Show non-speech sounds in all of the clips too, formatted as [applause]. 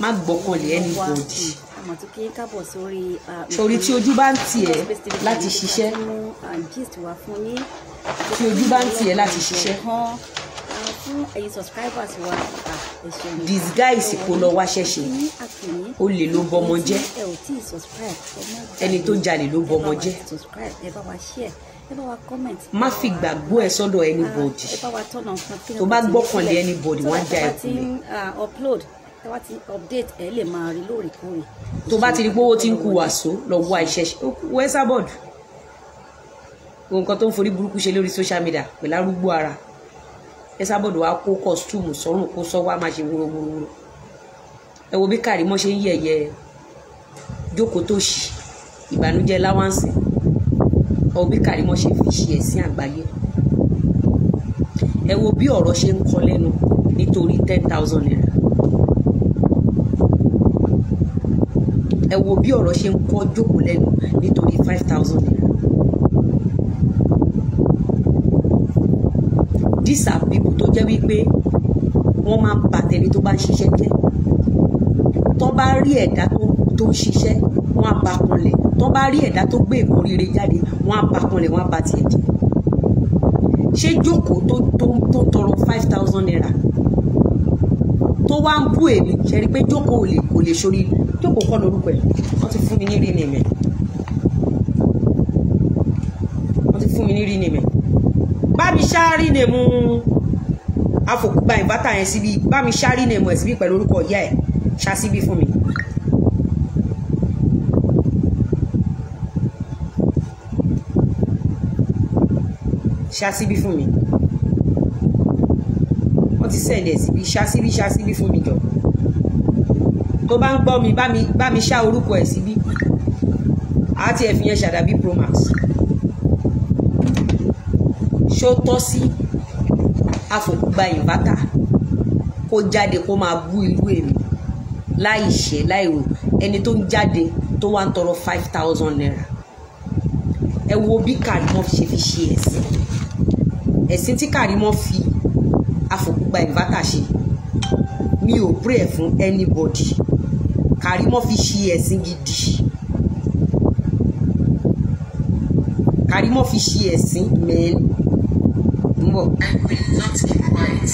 má gbọ́kànlé anybody torí tí ojú bá ń tiẹ̀ láti ṣiṣẹ́ tí ojú bá ń tiẹ̀ láti ṣiṣẹ́ disguise kò lọ wá ṣẹ̀ṣẹ̀ olè ló bọmọ jẹ́ ẹni tó jalè ló bọmọ jẹ́ má fi gbàgbọ́ ẹ sọ́dọ̀ anybody tó bá gbọ́kànlé anybody wọ́n á já ẹ kulẹ̀ tá ti update ẹ lè máa rí lóòrèkóòrè. tó bá ti rí gbówó tí ń ku wàsó lọ wá iṣẹ́ wẹsàbọọdù wo nǹkan tó ń forí burúkú ṣe lórí social media pẹ̀lú arúgbó ara wẹsàbọọdù wa kó kọstúmù sọrùn kó sọ wá máa ṣe wúrowúrowúro ẹ wo bí kàrímọ ṣe ń yẹ̀yẹ́ jókòó tó ṣì ìbànújẹ́ láwáǹsì ẹ wo bí kàrímọ ṣe fi ṣe ẹ̀sìn àgbáyé ẹ wo bí ọ̀rọ̀ ṣe ń kọ lẹ́nu nítorí ten thousand naira ẹ wo bí ọ̀rọ̀ ṣe ń kọ́ jókòó lẹ́nu nítorí five thousand naira. these are people tó jẹ́ wípé wọ́n máa ń ba tẹni tó bá ń ṣiṣẹ́ jẹ́ tó bá rí ẹ̀dá tó ń ṣiṣẹ́ wọ́n á ba kanlẹ̀ tó bá rí ẹ̀dá tó gbé èkó rere jáde wọ́n á ba kanlẹ̀ wọ́n á ba tiẹ̀ jẹ́ ṣé jókòó tó tó tó tọrọ five thousand naira tó wá ń bú èmi ṣẹ́rí pé jókòó ò lè kò lè sórí jókòó kọ́ lórúkọ ẹ̀ wọ́n ti fún mi ní rí ni mi wọ́n ti fún mi ní rí ni mi bá mi ṣáárí ni mu afọkùgbà ìbátà yẹn síbi bá ṣáárí ni mu ẹ̀ síbi pẹ̀lú orúkọ ìyá ẹ̀ ṣá síbi fún mi. ṣá síbi fún mi ti sẹ̀dẹ̀ síbi ṣá síbi ṣá síbi fún mi jọ tó bá ń gbọ́ mi bá mi bá mi ṣá orúkọ ẹ̀ síbi àti ẹ̀fìn yẹn ṣàdàbí promax ṣó tọ́ sí àfòkúgba ìbátà kó jáde kó máa bú irú èmi láì ṣe láì rò ẹni tó ń jáde tó wá ń tọrọ five thousand naira ẹ wo bí Karimọ ṣe fi ṣe ẹ̀sìn ẹ̀sìn tí Karimọ fi gba ìvátà ṣe mi ò pray ẹ̀ fún anybody Karimo fi ṣe ẹ̀sìn gidi Karimo fi ṣe ẹ̀sìn mẹ́rin mbọ. I will not keep quiet.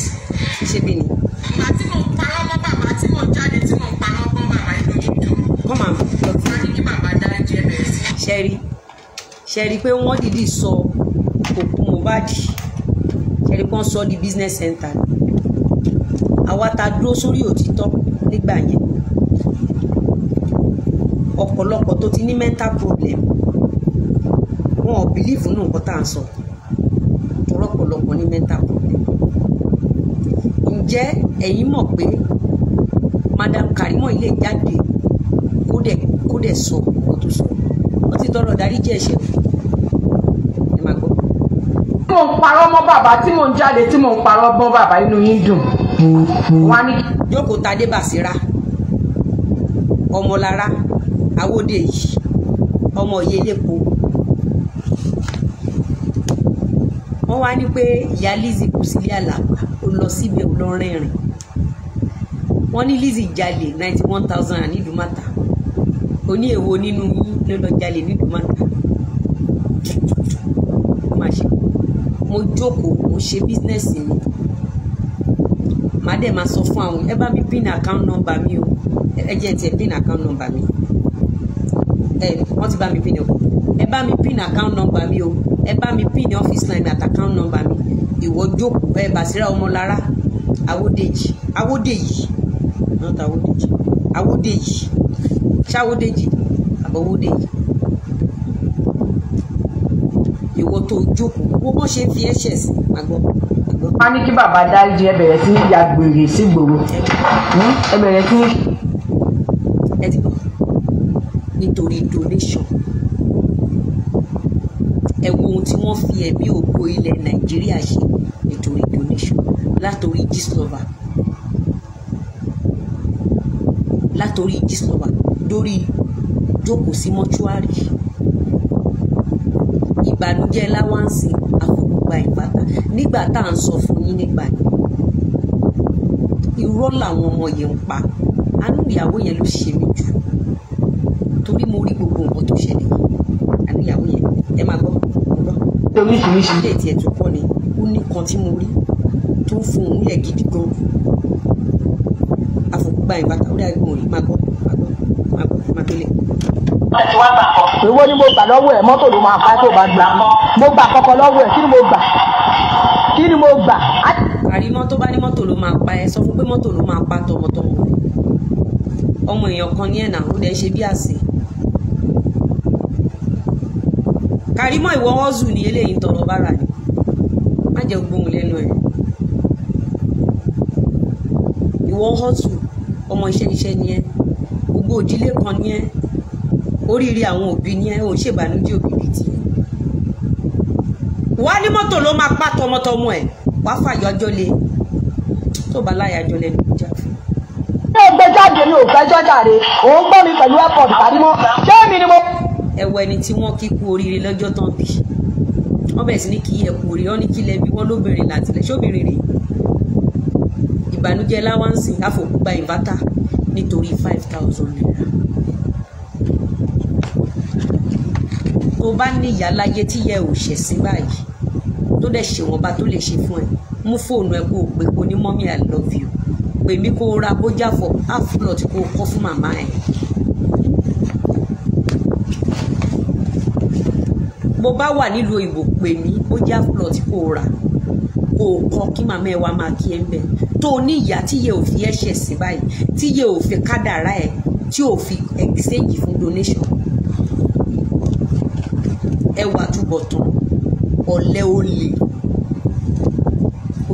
ṣé bí ni. ìgbà tí mo parọ́ mọ́ bàbá tí mo jáde tí mo parọ́ mọ́ bàbá inú mi dùn. kọ́mà lọ sí. wọ́n ní kí bàbá dá ẹ̀jẹ̀ bẹ̀rẹ̀ sí. ṣẹ́rí ṣẹ́rí pé wọ́n dìde sọ òkú Mohbad ṣẹ́rí pé wọ́n sọ di business center ni àwa ta dúró sórí òtítọ́ nígbà yẹn ọ̀pọ̀lọpọ̀ tó ti ní mental problem wọn ò bìlífù nù nǹkan tá à ń sọ tọrọ ọ̀pọ̀lọpọ̀ ní mental problem ǹjẹ́ ẹ̀yin mọ̀ pé madam Karimo ilé jáde kódẹ̀ kódẹ̀ sọ kó tó sọ ó ti tọrọ darí jẹ́ ẹ̀ṣẹ̀ ẹ máa gbọ́. tí mò ń parọ́ mọ́ bàbá tí mò ń jáde tí mò ń parọ́ mọ́ bàbá inú yín dùn wọn ní jókòó tadé bàṣírà ọmọlára awóde yìí ọmọ ìyẹlẹpo wọn wá ní pé ìyá Lizzy kù sílé àlàpà ó lọ síbẹ̀ ó lọ rẹ́rìn wọn ní Lizzy jalè ninety one thousand nídùúmọ́ta ó ní èwo nínú yín ló lọ jalè nídùúmọ́ta mo jókòó mo ṣe bísínẹ́sì mi dẹ̀ máa sọ fún àwọn ẹ bá mi pin account number mi o ẹ jẹ́ tiẹ̀ pin account number mi ẹ wọ́n ti bá mi pin o ẹ bá mi pin account number mi o ẹ bá mi pin office line at account number mi ìwọ jókòó ẹ Basira Ọmọlára Awódèjì Awódèjì not Awódèjì Awódèjì ṣáwódèjì àbọ̀wódèjì ìwọ tó jókòó wo bó ṣe fi ẹ̀ṣẹ̀ sí àgbọ̀. wọ́n á ní kí bàbá dáríjì ẹ bẹ̀rẹ̀ sí ya gbèrè sí gbòòrò hmm? ẹ bẹ̀rẹ̀ sí. ẹ ti bọ̀ nítorí donation ẹ wo ohun tí wọ́n fi ẹ̀mí ògo ilẹ̀ nàìjíríà ṣe nítorí donation látòrí Gistlover látòrí Gistlover dórí jókòó sí mọ́ṣúárì. Si ìbànújẹ́ láwáǹsì àfọ̀gbùgbà ìbátà nígbà tá à ń sọ fún yín nígbà yìí irọ́ làwọn ọmọ yẹn ń pa àánú ìyàwó yẹn ló ṣe mí jù torí mo rí gbogbo nǹkan tó ṣẹlẹ̀ àánú ìyàwó yẹn ẹ máa gbọ́ gbọ́ oríṣiríṣi ilé tiẹ̀ tó kọ́ ni ó ní kan tí mo rí tó ń fún òun lẹ̀ gidi gan àfọ̀gbùgbà ìbátà ó dàgbò yìí máa gbọ́ máa gbọ́ máa gbélé owó ni mo gbà lọ́wọ́ ẹ̀ mọ́tò ló máa fa tó bá gbà mo gbà kọ́kọ́ lọ́wọ́ ẹ̀ kí ni mo gbà kí ni mo gbà. àrímọ́ tó bá ní mọ́tò ló máa pa ẹ sọ fún pé mọ́tò ló máa pa tọmọtọmọ ọmọ èèyàn kan ní ẹ̀nà ó lè ṣe bí àsè Karimo ìwọ ọ́zù ní eléyìí tọrọ bára ni má jẹ́ gbóhùn lẹ́nu ẹ̀ ìwọ ọ́zù ọmọ iṣẹ́ iṣẹ́ ni ẹ gbogbo òdílé kan ni ẹ oríire àwọn òbí ni ẹ ò ṣèbànújẹ́ òbí bíi tiẹ̀ wá ní mọ́tò ló máa pa tọmọtọmọ ẹ̀ wá fàyọjọ́ le tó bá láyàjọ lẹ́nu ìjà fún ṣé ń gbé jáde ní òfẹ́jọ́ jàre òun gbọ́ mi pẹ̀lú airport kàrímọ́ ṣé èmi ni mo. ẹwọ ẹni tí wọ́n kí kú oríire lọ́jọ́ tán bí wọ́n bẹ̀rẹ̀ sí ní kí ẹkú orí wọ́n ní kí lẹbi wọ́n lóbìnrin làtìlẹ ṣóbìnrin rè ìbànújẹ́ láwáǹsì àfòkúgba ìbátà nítorí five thousand naira tó bá níyà láyé tí yẹ ò ṣẹ̀ sí báyìí tó dẹ̀ ṣèwọ̀nba tó lè ṣe fún ẹ mú fóònù ẹ kó o pè kó ní mọ́mí i love you pè mí kó o ra bójá fọ áfúlọ̀tì kó o kọ́ fún màmá ẹ. bó bá wà nílùú òyìnbó pè mí bójá áfúlọ̀tì kó o rà kó o kọ́ kí màmá ẹ wá máa kí ẹ ń bẹ̀ tó ní ìyá tí yẹ ò fi ẹ̀ṣẹ̀ sí báyìí tí yẹ ò fi kádàrá ẹ tí ò fi exchange fún donation ẹwà àtúbọ̀tán ọ̀lẹ́ olè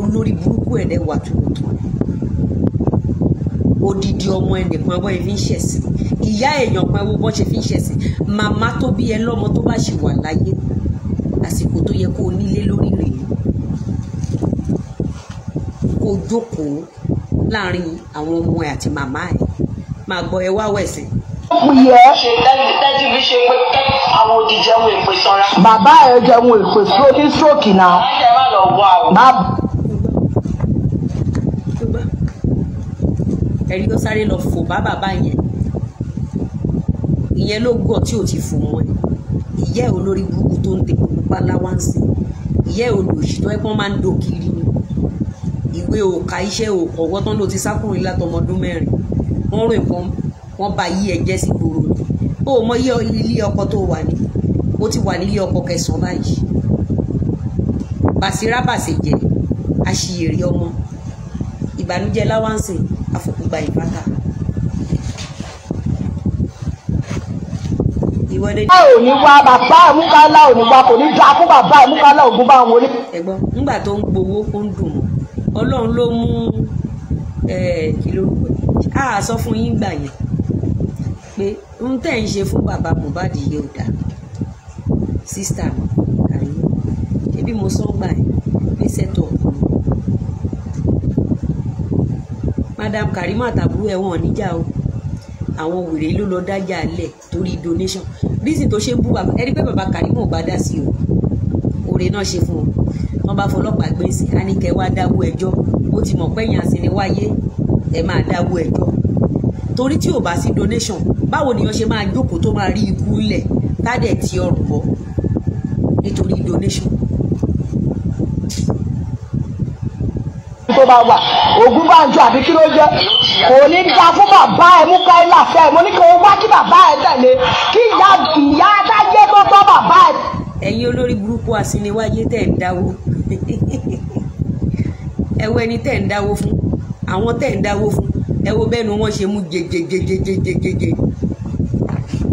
olórí burúkú ẹ̀ lẹ́wà àtúbọ̀tán odidi ọmọ ẹnìkan ẹwọ́ ẹ fi ń ṣẹ̀sìn ìyá èèyàn kan ẹwọ́ bọ́ ṣe fi ń ṣẹ̀sìn màmá tó bí ẹ lọ́mọ tó bá ṣì wà láyé àsìkò tó yẹ kó o nílé lórí rèé kó o jókòó láàrin àwọn ọmọ ẹ àti màmá ẹ máa gbọ́ ẹ wá wẹ̀sìn yẹ. dájú bí ṣe pé àwọn òdì jẹun èpè sanra. bàbá ẹ jẹun èpè stroke ní stroke náà. má jẹ́ má lọ wọ àwọn. ẹni tó sáré lọ fò bá bàbá yẹn ìyẹn ló gọ̀ tí ò ti fò wọn ìyá ẹ olórí burúkú tó ń tẹ pupa láwáǹsì ìyá ẹ olóòṣì tó ẹpọn máa ń do kiri ni ìwé òkà iṣẹ́ ọwọ́ tán ló ti sákùnrin látọmọdún mẹ́rin wọ́n rò nǹkan wọ́n bá yí ẹ̀jẹ̀ sí gbòòrò ni o mọ iye ilé ọkọ tó wà ní o ti wà nílé ọkọ kẹsàn-án báyìí bàṣírá bàṣẹjẹ àṣìyèrè ọmọ ìbànújẹ́ láwáǹsì àfòkùgbà ìbáta. bá ò ní wá bàbá àmúkálá ò ní wá kò ní dá fún bàbá àmúkálá ògùn bá wọn ní. ẹ̀gbọ́n nígbà tó ń gbowó kó ń dùn ọlọ́run ló mú kí lórúkọ yìí sọ fún yín gbà yẹn pé ń tẹ̀ ń ṣe fún bàbá Mohbad yìí ò dáa sísítà mi kàrí ṣebí mo sọ gbà ẹ pé sẹ́tọ̀ ọ̀pọ̀ Madam Karimo tàbúrò ẹ̀ níjà o àwọn wèrè ló lọ dájà lẹ̀ torí donation reason tó ṣe ń bú bàbá ẹni pé bàbá Karimo ò bá dá sí o òrè náà ṣe fún o wọn bá fọlọ́pàá gbé sí i á ní kẹ́ wá dáwó ẹjọ́ ó ti mọ̀ pẹ́yìn àsìnìwáyé ẹ máa dáwó ẹjọ́ torí tí ò bá sí donation báwo nìyẹn ṣe máa jókòó tó máa rí ikú lẹ̀ tádẹ̀ tí ọrùn bọ̀ nítorí donation. tó bá wà ògún bá ń jọ àbí kí ló jẹ kò ní dá fún bàbá ẹ mú káyìlá fẹ mo ní kí wọn wá kí bàbá ẹ tẹ̀lé kí ìyá ìyá adájẹ tó tọ́ bàbá ẹ. ẹ̀yin olórí burúkú àsìníwáyé tẹ̀ ń dáwó [laughs] ẹ̀wọ́ ẹni tẹ̀ ń dáwó fún àwọn tẹ̀ ń dáwó fún ẹ wo bẹ́ẹ̀ ni wọ́n ṣe mú jẹjẹjẹjẹjẹjẹjẹ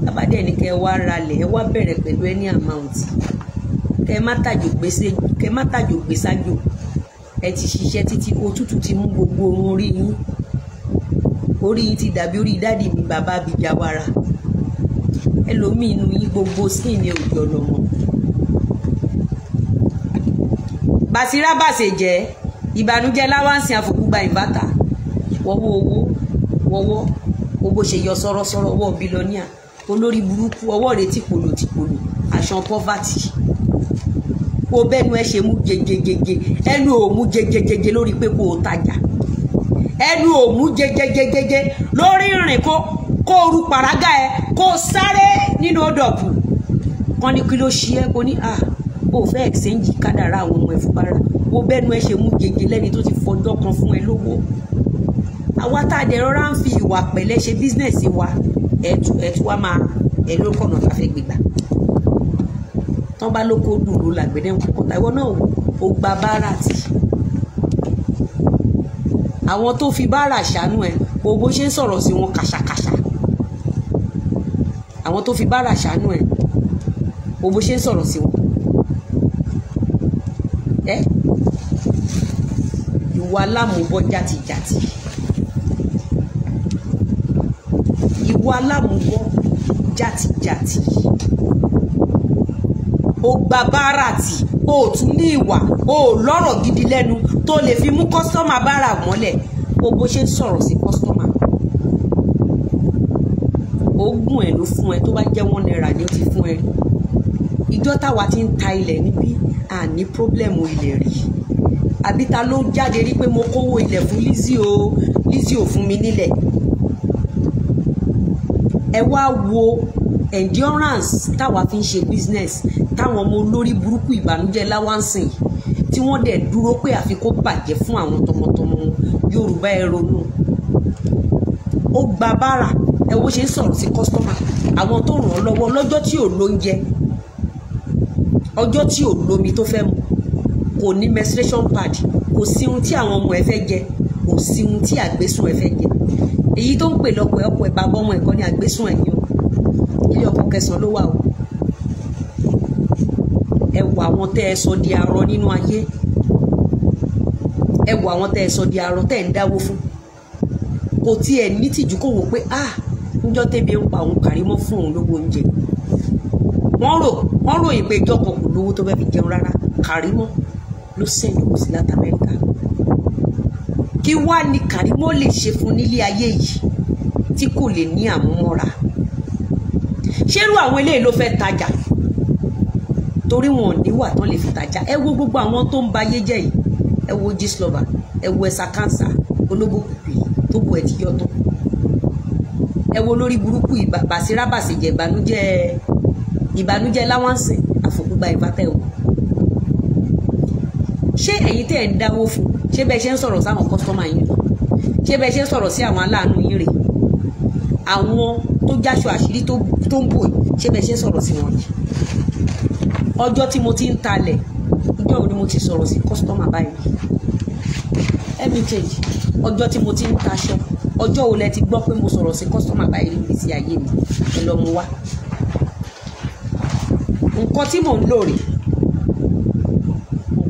abádẹ́ ni kẹ́ ẹ wá ralẹ̀ ẹ wá bẹ̀rẹ̀ pẹ̀lú ẹni amount kẹ́ ẹ má tàjò gbèsè kẹ́ ẹ má tàjò gbèsàjò ẹ ti ṣiṣẹ́ títí òtútù ti mú gbogbo orun orí yín orí yín ti dàbí orí dáàdì mi bàbá Àbíjàwara ẹlòmíì inú yín gbogbo skin ni òjò lọ́mọ bàṣírá bàṣẹ jẹ́ ìbànújẹ́ láwáǹsì àfọkúgba ìbátà wọ́wọ́ owó wọ́wọ́ owó ṣe yọ sọ́rọ́sọ́rọ́ ọwọ́ bílọ́níà olórí burúkú ọwọ́ rẹ̀ ti pòlò ti pòlò àṣàn pọ́fàtì kó bẹ́nu ẹ ṣe mú jẹjẹjẹjẹ ẹnu ò mú jẹjẹjẹjẹ lórí pé kó o tajà ẹnu ò mú jẹjẹjẹjẹjẹ lórí ìrìn kó kó oru pàrágà ẹ kó sáré nínú ọdọ̀pù kan ní kí ló ṣe é kó ní à ah, ó fẹ́ exchange kádàrá àwọn ọmọ ẹ̀fúnpára wo bẹ́nu ẹ ṣe mú gègé lẹ́ni tó ti fọjọ́ kan fún ẹ lówó àwa tá a dẹ̀ rọra ń fi ìwà pẹ̀lẹ́ ṣe bísínẹ́sì wa ẹ̀tú wa máa ẹ̀ ló kọ̀nà tá a fẹ́ gbégbá tán bá ló kó dùn ló làgbẹ̀dẹ̀ ń kọ̀ táwọn náà ó gba báárà tì àwọn tó fi báárà ṣàánú ẹ wo ṣe ń sọ̀rọ̀ sí wọn kàṣàkàṣà àwọn tó fi báárà ṣàánú ẹ wo ṣe ń sọ̀rọ̀ sí wọn ìwà alámùbọ́ jàtìjàtì ìwà alámùbọ́ jàtìjàtì ó gba o tì ó tún ní ìwà ó lọ́rọ̀ gidi lẹ́nu tó lè fi mú kọ́sítọ́mà báárà mọ́lẹ̀ ó bó ṣe ń sọ̀rọ̀ sí kọ́sítọ́mà oògùn ẹ̀ ló fún ẹ tó bá jẹ́ one naira ni ó ti fún ẹ ìjọ táwa ti ń ta ilẹ̀ níbí àní pírọ́blẹ́mù ilẹ̀ rí i àbí ta ló jáde rí pé mo kówó ilẹ̀ fún Lizzy o Lizzy ò fún mi nílẹ̀ ẹ wá wo endurance táwa fi ń ṣe business táwọn ọmọ olórí burúkú ìbànújẹ́ láwánsìn tí wọ́n dẹ̀ dúró pé àfi kó bàjẹ́ fún àwọn tọmọtọmọ Yorùbá ẹ ronú ó gba bára ẹ wo ṣe ń sọ̀rọ̀ sí kọ́sítọ́mà àwọn tó ràn án lọ́wọ́ lọ́jọ́ tí ò lóúnjẹ ọjọ́ tí ò lómi tó fẹ́ mu kò ní menstruation pad kò sí ohun tí àwọn ọmọ ẹ fẹ́ jẹ kò sí ohun tí àgbésùn ẹ fẹ́ jẹ èyí tó ń pè lọ́pọ̀ ẹ̀ ọ̀pọ̀ ẹ̀ bàbá ọmọ ẹ̀kọ́ ni àgbésùn ẹ̀ ni o ilé ọkọ kẹsàn-án ló wà o ẹ wọ àwọn tẹ́ ẹ sọ di arọ nínú ayé ẹ wọ àwọn tẹ́ ẹ sọ di arọ tẹ́ ẹ ń dáwó fún kò tí ẹ ní tìjú kò wò pé ah níjọ́ tẹ́bi ń pa òun Kàrímọ́ fún òun lówó oúnjẹ wọ́n rò wọ́n ròyìn pé ìjọ kò lówó tó fẹ́ fi jẹun rárá Kàrímọ́ ló sìn lòun sí láti amẹ́ríkà kí wá ní Karimo lè ṣe fún nílé ayé yìí tí kò lè ní àmúmọ́ra ṣerú àwọn eléyìí ló fẹ́ tajà torí wọn ò níwà tán lè fi tajà ẹ wo gbogbo àwọn tó ń ba ayé jẹ́ yìí ẹ wo gislova ẹ wo ẹ̀sà kánsà olóbó pèpè tó bu ẹ̀tí yọ ẹ wo lórí burúkú ìbàṣírábàṣẹjẹ ìbànújẹ́ ìbànújẹ́ láwáǹsì àfọkúgba ìbátẹ òkú ṣé ẹ̀yin tẹ́ ẹ̀ ń dáwó fún ṣé bẹ́ẹ̀ ṣe ń sọ̀rọ̀ sáwọn kọ́sítọ́mà yín ṣé bẹ́ẹ̀ ṣe ń sọ̀rọ̀ sí àwọn aláàánú yín rè àwọn tó jáṣọ àṣírí tó ń bò yìí ṣé bẹ́ẹ̀ ṣe ń sọ̀rọ̀ sí wọn yìí ọjọ́ tí mo ti ń talẹ̀ ìjọ́ òní mo ti sọ̀rọ̀ sí kọ́sítọ́mà báyìí mkg ọjọ́ tí mo ti ń taṣọ ọjọ́ òun lẹ ti gbọ́ pé mo sọ̀rọ̀ sí kọ́sítọ́mà báyìí níbi tí ayé mi ẹ lọ mú wá nǹkan tí mò ń lò rèé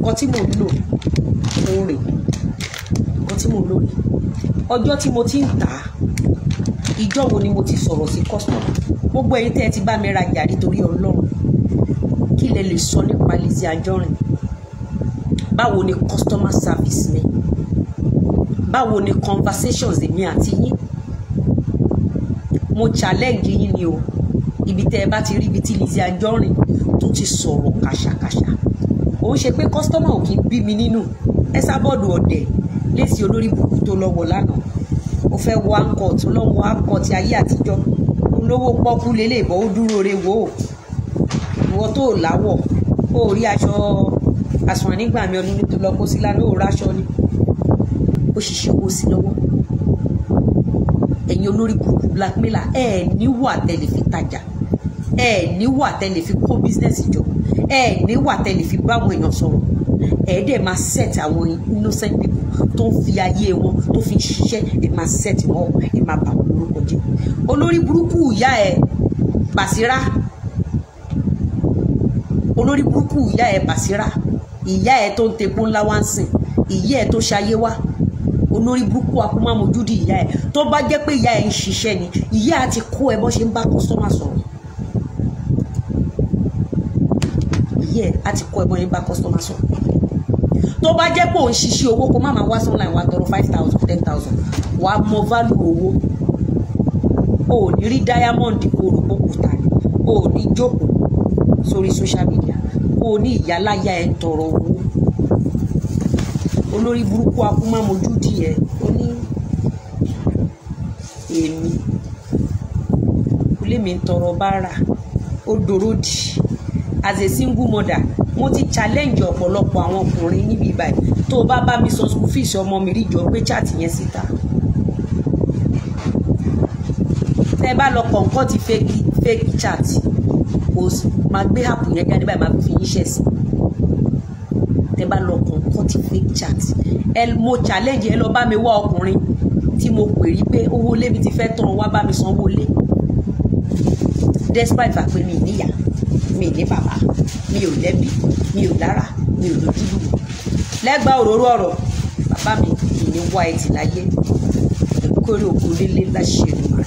nǹkan tí mò ń lò òun rè nǹkan tí mò ń lò rè ọjọ́ tí mo ti ń tà á ìjọ́ wo ni mo ti sọ̀rọ̀ sí customer gbogbo ẹ̀yin tẹ́ ẹ ti bá mi rajà nítorí ọlọ́run kí lẹ lè sọ nípa Lizzy Anjorin báwo ni customer service mi báwo ni conversations èmi àti yín mo challenge yín ni o ibi tẹ́ ẹ bá ti rí ibi tí Lizzy Anjorin tó ti sọ̀rọ̀ kàṣàkàṣà òun ṣe pé kọ́sítọ́mà ò kí bí mi nínú ẹ sábọ́ọ̀dù ọ̀dẹ̀ lẹ́sì olórí burúkú tó lọ́wọ́ lánàá ó fẹ́ wọ ankọ̀ tó lọ́wọ́ ankọ̀ ti ayé àtijọ́ olówó pọ́kú lélẹ̀ ìbọn ó dúró re wò ó ìwọ tó láwọ̀ ó rí aṣọ àsùnwọ̀n nígbà mi ọdún tó lọ kó sí lánàá ó ráṣọ ni ó ṣiṣẹ́ owó sí lọ́wọ́ ẹ̀yin olórí burúkú blackmailer ẹ̀ níwà tẹ́lẹ̀ fi tajà ẹ̀ níwà tẹ́lẹ̀ fi kó bísínẹ́sì jọ ẹ ní wà tẹ́lẹ̀ fi bá àwọn èèyàn sọ̀rọ̀ ẹ dẹ̀ máa set àwọn innocent people tó ń fi ayé wọn tó fi ń ṣiṣẹ́ ẹ máa set wọn ẹ máa bà wọn lórúkọ jẹ́ olórí burúkú ìyá ẹ Basira olórí burúkú ìyá ẹ Basira ìyá ẹ tó ń tepo ńlá wá ń sìn ìyá ẹ tó ṣayé wá olórí burúkú akúmámojú di ìyá ẹ tó bá jẹ́ pé ìyá ẹ ń ṣiṣẹ́ ni ìyá ti kó ẹ bọ́ ṣe ń bá kọ́sọ́mà sọ̀rọ̀ yẹ á ti kọ ẹ̀gbọ́n yẹn bá kọ́sítọ́mà sọ tó bá jẹ́ pé òun ṣiṣẹ́ owó kó má máa wá sọ́nà ìwà tọrọ five thousand ten thousand wà á mọ value owó o ò ní rí diamond kó rò pé kò tà ní o ò ní jókòó sórí social media kó o ní ìyáláyà ẹ̀ ń tọrọ owó olórí burúkú akúmọ̀mọ́jú díẹ̀ ó ní èmi ilé mi ń tọrọ bá rà ó dòrò dì as a single mother mo ti challenge ọ̀pọ̀lọpọ̀ àwọn ọkùnrin níbi ìbàyìí tó o bá bá mi sọ school fees ọmọ mi rí jọ pé chat yẹn síta tẹ bá lọ kọ̀ǹkọ́ ti fake fake chat kò máa gbé àpò yẹn jáde báyìí máa fi fi yíṣẹ́ sí tẹ bá lọ kọ̀ǹkọ́ ti fake chat ẹ mo challenge ẹ lọ bá mi wá ọkùnrin tí mo pè rí pé owó lé mi ti fẹ́ tán wá bá mi sanwó lé despite fà pé mi níyà mi ní bàbá mi ò lẹ́bi mi ò lára mi ò lójúlùmọ̀ lẹ́gbàá òróró ọ̀rọ̀ bàbá mi kì í wá ẹtì láyé kórè oko líle láṣẹ ìlúmọ̀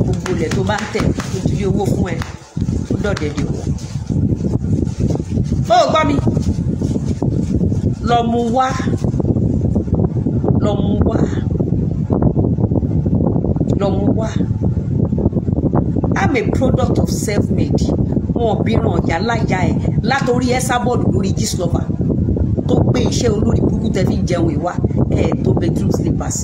gbogbo ilẹ̀ tó bá ń tẹ̀ nítorí owó fún ẹ ó dọ̀dẹ̀dẹ̀ wọ̀ ó gbọ́ mi lọ mu wá lọ mu wá lọ mu wá am a product of self-made wọn bíran ọ̀yà láyà ẹ̀ látòrí ẹ́sà bọ́ọ̀lù lórí gíslọ́fà tó gbé iṣẹ́ olórí burúkú tẹ́ fi ń jẹun ìwà ẹ̀ tó bedroom slippers